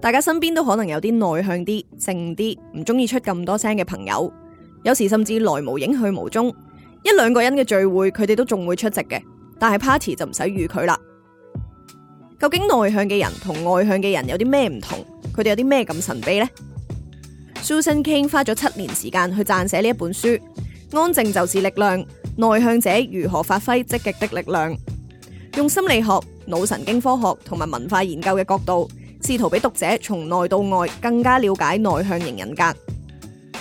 大家身邊都可能有啲內向啲、靜啲、唔中意出咁多聲嘅朋友，有時甚至來無影去無蹤。一兩個人嘅聚會，佢哋都仲會出席嘅，但係 party 就唔使預佢啦。究竟內向嘅人同外向嘅人有啲咩唔同？佢哋有啲咩咁神秘呢？Susan King 花咗七年時間去撰寫呢一本書，《安靜就是力量》，內向者如何發揮積極的力量，用心理學、腦神經科學同埋文化研究嘅角度。試圖俾讀者從內到外更加了解內向型人格。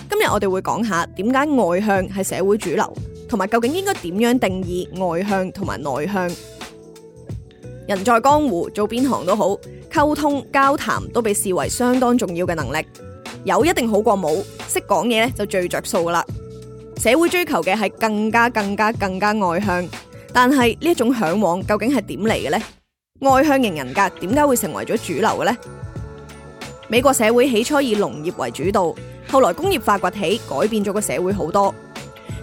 今日我哋會講下點解外向係社會主流，同埋究竟應該點樣定義外向同埋內向。人在江湖，做邊行都好，溝通交談都被視為相當重要嘅能力，有一定好過冇。識講嘢咧就最着數噶啦。社會追求嘅係更加更加更加外向，但係呢一種嚮往究竟係點嚟嘅呢？外向型人格點解會成為咗主流嘅呢？美國社會起初以農業為主導，後來工業化崛起，改變咗個社會好多。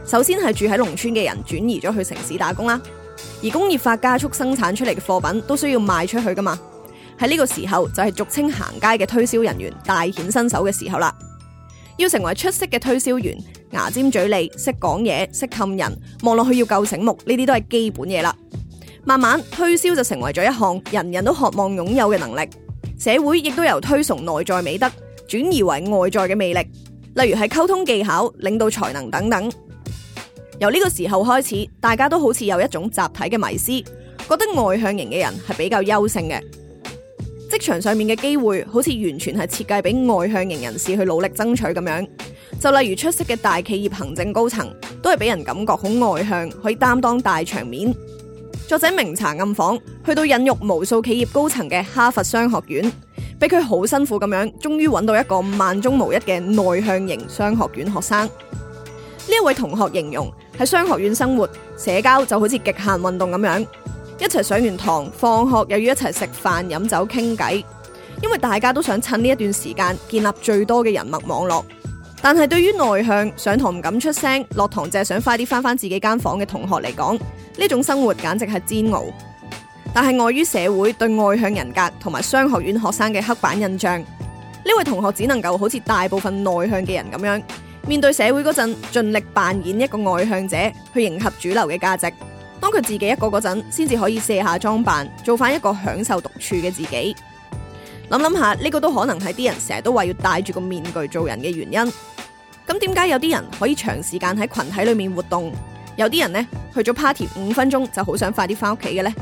首先係住喺農村嘅人轉移咗去城市打工啦，而工業化加速生產出嚟嘅貨品都需要賣出去噶嘛。喺呢個時候就係俗稱行街嘅推銷人員大顯身手嘅時候啦。要成為出色嘅推銷員，牙尖嘴利，識講嘢，識氹人，望落去要夠醒目，呢啲都係基本嘢啦。慢慢推銷就成為咗一項人人都渴望擁有嘅能力，社會亦都由推崇內在美德，轉移為外在嘅魅力，例如係溝通技巧、領導才能等等。由呢個時候開始，大家都好似有一種集體嘅迷思，覺得外向型嘅人係比較優勝嘅，職場上面嘅機會好似完全係設計俾外向型人士去努力爭取咁樣。就例如出色嘅大企業行政高層，都係俾人感覺好外向，可以擔當大場面。作者明查暗訪，去到孕育無數企業高層嘅哈佛商學院，俾佢好辛苦咁樣，終於揾到一個萬中無一嘅內向型商學院學生。呢一位同學形容喺商學院生活社交就好似極限運動咁樣，一齊上完堂，放學又要一齊食飯、飲酒、傾偈，因為大家都想趁呢一段時間建立最多嘅人脈網絡。但係對於內向上堂唔敢出聲，落堂就係想快啲翻翻自己間房嘅同學嚟講。呢種生活簡直係煎熬，但係礙於社會對外向人格同埋商學院學生嘅刻板印象，呢位同學只能夠好似大部分內向嘅人咁樣，面對社會嗰陣盡力扮演一個外向者去迎合主流嘅價值。當佢自己一個嗰陣，先至可以卸下裝扮，做返一個享受獨處嘅自己。諗諗下，呢個都可能係啲人成日都話要戴住個面具做人嘅原因。咁點解有啲人可以長時間喺群體裏面活動？有啲人呢，去咗 party 五分鐘就好想快啲翻屋企嘅呢。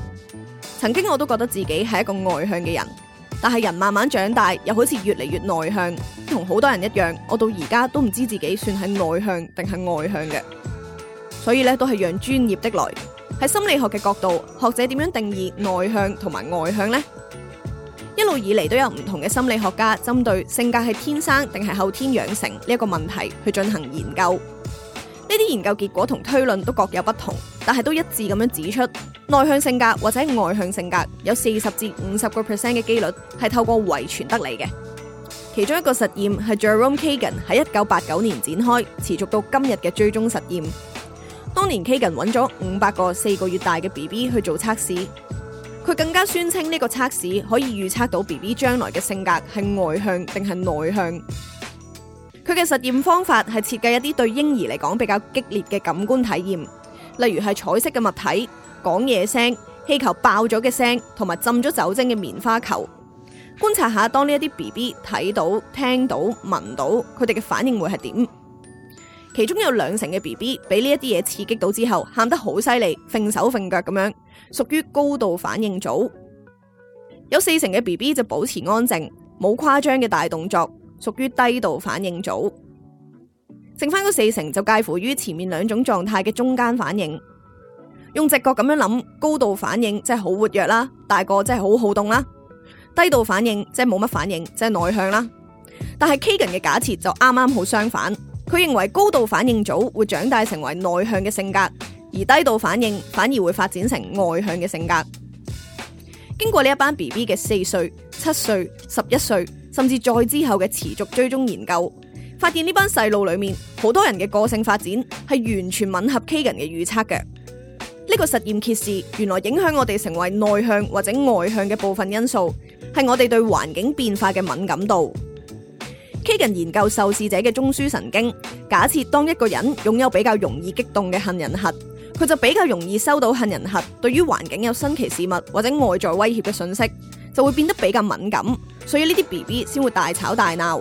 曾經我都覺得自己係一個外向嘅人，但係人慢慢長大又好似越嚟越內向，同好多人一樣，我到而家都唔知自己算係內向定係外向嘅。所以咧都係讓專業的來。喺心理學嘅角度，學者點樣定義內向同埋外向呢？一路以嚟都有唔同嘅心理學家針對性格係天生定係後天養成呢一個問題去進行研究。呢啲研究結果同推論都各有不同，但係都一致咁樣指出，內向性格或者外向性格有四十至五十個 percent 嘅幾率係透過遺傳得嚟嘅。其中一個實驗係 Jerome Kagan 喺一九八九年展開，持續到今日嘅追蹤實驗。當年 Kagan 揾咗五百個四個月大嘅 BB 去做測試，佢更加宣稱呢個測試可以預測到 BB 將來嘅性格係外向定係內向。佢嘅實驗方法係設計一啲對嬰兒嚟講比較激烈嘅感官體驗，例如係彩色嘅物體、講嘢聲、氣球爆咗嘅聲，同埋浸咗酒精嘅棉花球。觀察下當呢一啲 BB 睇到、聽到、聞到，佢哋嘅反應會係點？其中有兩成嘅 BB 俾呢一啲嘢刺激到之後，喊得好犀利，揈手揈腳咁樣，屬於高度反應組。有四成嘅 BB 就保持安靜，冇誇張嘅大動作。屬於低度反應組，剩翻嗰四成就介乎於前面兩種狀態嘅中間反應。用直覺咁樣諗，高度反應即係好活躍啦，大個即係好好動啦；低度反應即係冇乜反應，即係內向啦。但係 Kagan 嘅假設就啱啱好相反，佢認為高度反應組會長大成為內向嘅性格，而低度反應反而會發展成外向嘅性格。經過呢一班 BB 嘅四歲、七歲、十一歲。甚至再之後嘅持續追蹤研究，發現呢班細路裏面好多人嘅個性發展係完全吻合 Kagan 嘅預測嘅。呢個實驗揭示，原來影響我哋成為內向或者外向嘅部分因素，係我哋對環境變化嘅敏感度。Kagan 研究受試者嘅中樞神經，假設當一個人擁有比較容易激動嘅杏仁核，佢就比較容易收到杏仁核對於環境有新奇事物或者外在威脅嘅訊息。就會變得比較敏感，所以呢啲 B B 先會大吵大鬧。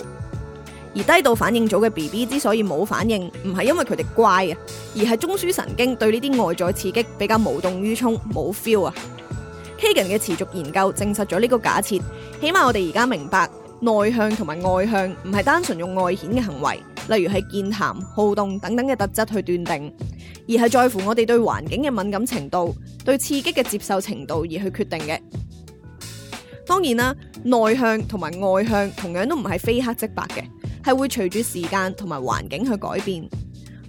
而低度反應組嘅 B B 之所以冇反應，唔係因為佢哋乖啊，而係中樞神經對呢啲外在刺激比較無動於衷，冇 feel 啊。Kagan 嘅持續研究證實咗呢個假設，起碼我哋而家明白內向同埋外向唔係單純用外顯嘅行為，例如係健談、好動等等嘅特質去斷定，而係在乎我哋對環境嘅敏感程度、對刺激嘅接受程度而去決定嘅。當然啦，內向同埋外向同樣都唔係非黑即白嘅，係會隨住時間同埋環境去改變。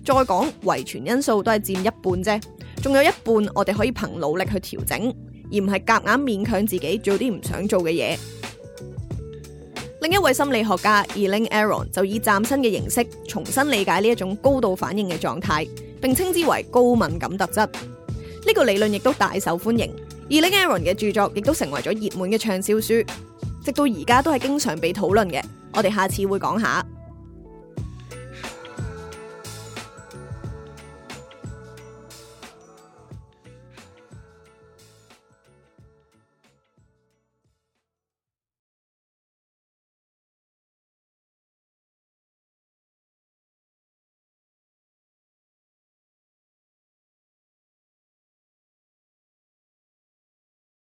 再講遺傳因素都係佔一半啫，仲有一半我哋可以憑努力去調整，而唔係夾硬勉強自己做啲唔想做嘅嘢。另一位心理學家 Elaine Aron 就以嶄新嘅形式重新理解呢一種高度反應嘅狀態，並稱之為高敏感特質。呢、這個理論亦都大受歡迎。而呢，Aaron 嘅著作亦都成為咗熱門嘅暢銷書，直到而家都係經常被討論嘅。我哋下次會講下。